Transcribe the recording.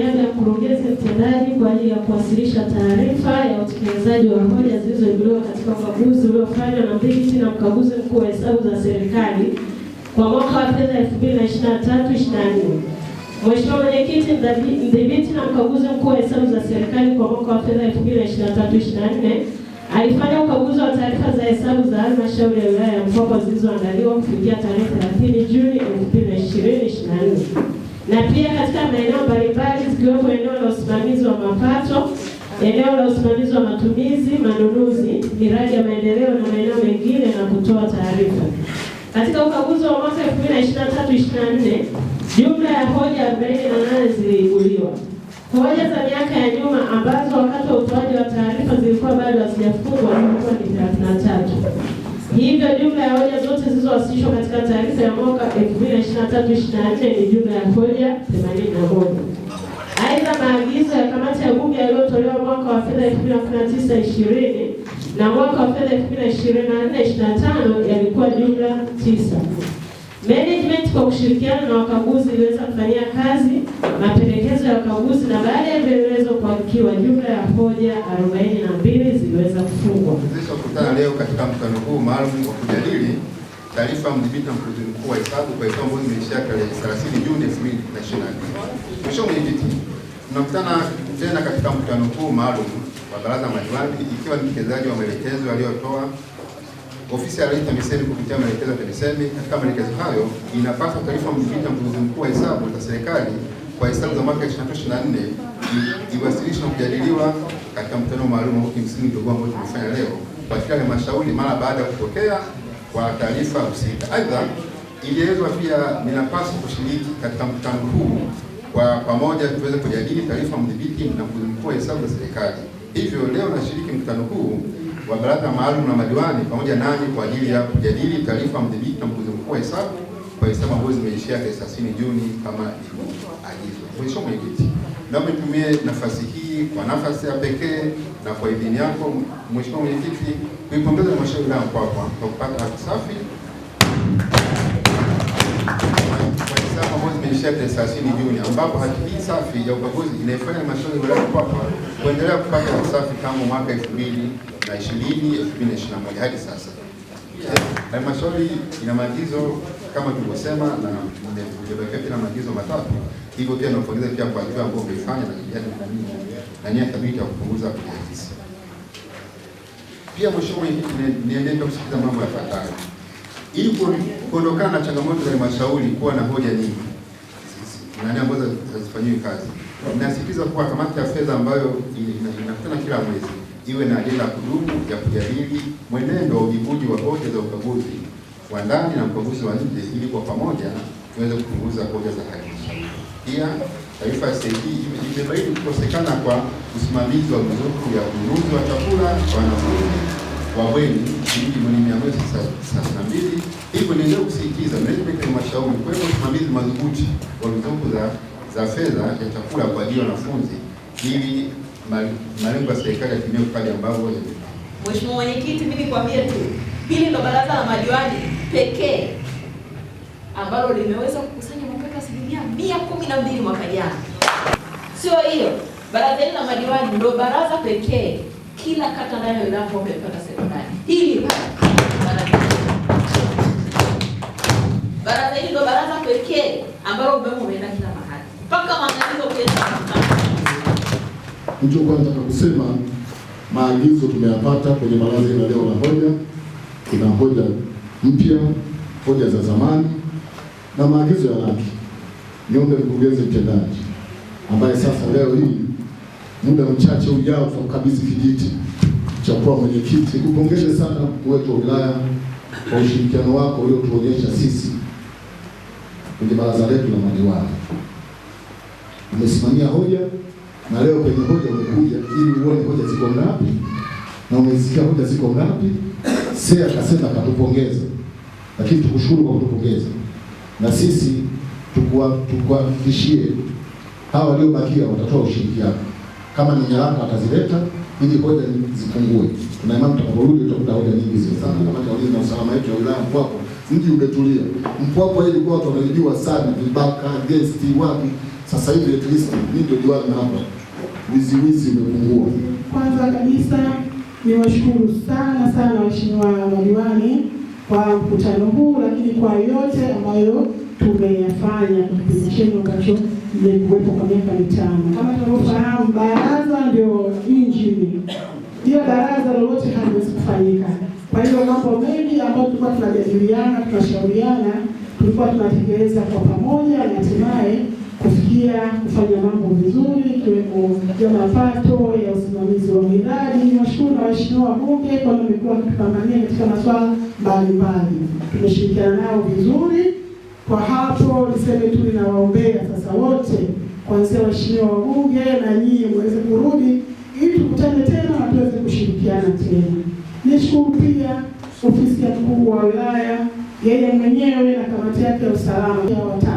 ya mkurugenzi mtendaji kwa ajili ya kuwasilisha taarifa ya utekelezaji wa hoja zilizoibuliwa katika ukaguzi uliofanywa na mdhibiti na mkaguzi mkuu wa hesabu za serikali kwa mwaka wa fedha 2023/24. Mheshimiwa Mwenyekiti, mdhibiti na mkaguzi mkuu wa hesabu za serikali kwa mwaka wa fedha 2023/24 alifanya ukaguzi wa taarifa za hesabu za halmashauri ya wilaya ya Mpwapwa zilizoandaliwa kufikia tarehe 30 Juni 2024 na pia katika maeneo mbalimbali likiwepo eneo la usimamizi wa mapato, eneo la usimamizi wa matumizi, manunuzi, miradi ya maendeleo na maeneo mengine na kutoa taarifa. Katika ukaguzi wa mwaka elfu na na tatu na nne, jumla ya hoja arobaini na nane ziliibuliwa. Hoja za miaka ya nyuma ambazo wakati wa utoaji wa taarifa zilikuwa bado hazijafungwa zilikuwa ni tatu. Hivyo jumla ya hoja zote zilizowasilishwa katika taarifa ya mwaka elfu na na tatu na nne ni jumla ya hoja themanini na moja. Aidha, maagizo ya kamati ya bunge yaliyotolewa mwaka wa fedha 2019 20 na mwaka wa fedha 2024 25 yalikuwa jumla tisa. Management kwa kushirikiana na wakaguzi iliweza kufanyia kazi mapendekezo ya wakaguzi na baada ya vielelezo kuandikiwa, jumla ya hoja 42 ziliweza kufungwa zilizokutana leo katika mkutano huu maalum wa kujadili taarifa ya mdhibiti na mkurugenzi mkuu wa hesabu kwa hesabu ambazo zimeishia tarehe 30 Juni 2024. Mheshimiwa Mwenyekiti Tunakutana tena katika mkutano huu maalum wa baraza madiwani ikiwa ni utekelezaji wa maelekezo aliyotoa ofisi ya Rais TAMISEMI kupitia maelekezo ya TAMISEMI. Katika maelekezo hayo, inapaswa taarifa mpita na mkurugenzi mkuu wa hesabu za serikali kwa hesabu za mwaka 2024 iwasilishwe na kujadiliwa katika mkutano maalum wa kimsingi ndio ambao tumefanya leo kwa kila halmashauri mara baada ya kupokea kwa taarifa husika. Aidha, ilielezwa pia ninapaswa kushiriki katika mkutano huu kwa pamoja tuweze kujadili taarifa mdhibiti na mkurugenzi mkuu wa hesabu za serikali. Hivyo leo nashiriki mkutano huu wa baraza maalum la madiwani pamoja nanyi kwa ajili ya kujadili taarifa mdhibiti na mkurugenzi mkuu wa hesabu kwa hesabu ambazo zimeishia tarehe 30 Juni kama ilivyoagizwa. Mheshimiwa Mwenyekiti, naomba nitumie nafasi hii kwa nafasi ya pekee na kwa idhini yako Mheshimiwa Mwenyekiti kuipongeza halmashauri ya Mpwapwa kwa kupata hati safi nishati thelathini Juni, ambapo hati hii safi ya ubaguzi inaifanya halmashauri ya wilaya Mpwapwa kuendelea kupata hewa safi tangu mwaka 2020 2021 hadi sasa. Halmashauri ina maagizo kama tulivyosema, na mjabekea pia maagizo matatu, hivyo pia nakongeza pia kwa hatua ambayo umeifanya na nia thabiti ya kupunguza kujiajisi. Pia mheshimiwa, niendelea kusikiliza mambo yafuatayo ili kuondokana na changamoto za halmashauri kuwa na hoja nyingi nani ambazo hazifanyiwi kazi. Inasisitiza kuwa kamati ya fedha ambayo inakutana kila mwezi iwe na ajenda ya kudumu ya kujadili mwenendo wa ujibuji wa hoja za ukaguzi wa ndani na ukaguzi wa nje ili kwa pamoja tuweze kupunguza hoja za halifu. Pia taarifa ya CAG imebaini kukosekana kwa usimamizi wa ruzuku ya ununuzi wa chakula kwa wanafunzi Wabweni mjini mia moja thelathini na mbili. Hivyo niendelee kusisitiza management ya halmashauri kuweka usimamizi madhubuti wa ruzuku za za fedha ya chakula kwa ajili ya wanafunzi ili malengo ya serikali yatimie pale ambapo yamepangwa. Mheshimiwa Mwenyekiti, mimi nikwambie tu hili ndo baraza la madiwani pekee ambalo limeweza kukusanya mapato asilimia mia kumi na mbili mwaka jana. Sio hiyo, baraza hili la madiwani ndo baraza pekee kila kata nayo inapo ili baraza hili baraza pekee ambalo umeme umeenda kila mahali mpaka maangalizo. Hicho kusema maagizo tumeyapata kwenye baraza la leo la hoja. Kuna hoja mpya, hoja za zamani na maagizo ya laki. Niombe mkurugenzi mtendaji ambaye sasa leo hii muda mchache ujao tutamkabidhi kijiti cha kuwa mwenyekiti. Nikupongeze sana mkuu wetu wa wilaya kwa ushirikiano wako uliotuonyesha sisi kwenye baraza letu la madiwani. Umesimamia hoja na leo kwenye hoja umekuja ili uone hoja ziko ngapi na umesikia hoja ziko ngapi. Sea akasema katupongeza, lakini tukushukuru kwa kutupongeza, na sisi tukuhakikishie hawa waliobakia watatoa ushirikiano. Kama ni nyaraka atazileta ili hoja zipungue. Na imani tutakaporudi tutakuta hoja nyingi zimesana. Kamati ya ulinzi na usalama yetu ya wilaya Mpwapwa, mji umetulia. Mpwapwa ilikuwa watu wanajua sana, vibaka gesti wapi. Sasa hivi at least mimi ndio diwani na hapa wizi wizi umepungua. Kwanza kabisa niwashukuru sana sana waheshimiwa madiwani kwa mkutano huu, lakini kwa yote ambayo tumeyafanya kwa kipindi chenu ambacho mmekuwepo kwa miaka mitano. Kama tunavyofahamu, baraza ndio injini, bila baraza lolote haliwezi kufanyika. Kwa hiyo mambo mengi ambayo tulikuwa tunajadiliana, tunashauriana, tulikuwa tunatekeleza kwa pamoja na hatimaye kufikia kufanya mambo vizuri, ikiwemo ya mapato ya usimamizi wa miradi. Washukuru na waheshimiwa wabunge, kwani wamekuwa wakitupambania katika masuala mbalimbali, tumeshirikiana nao vizuri. Kwa hapo niseme tu ninawaombea sasa wote, kuanzia waheshimiwa wabunge na nyinyi muweze kurudi ili tukutane tena na tuweze kushirikiana tena. Nishukuru pia ofisi ya mkuu wa wilaya, yeye mwenyewe na kamati yake ya usalama.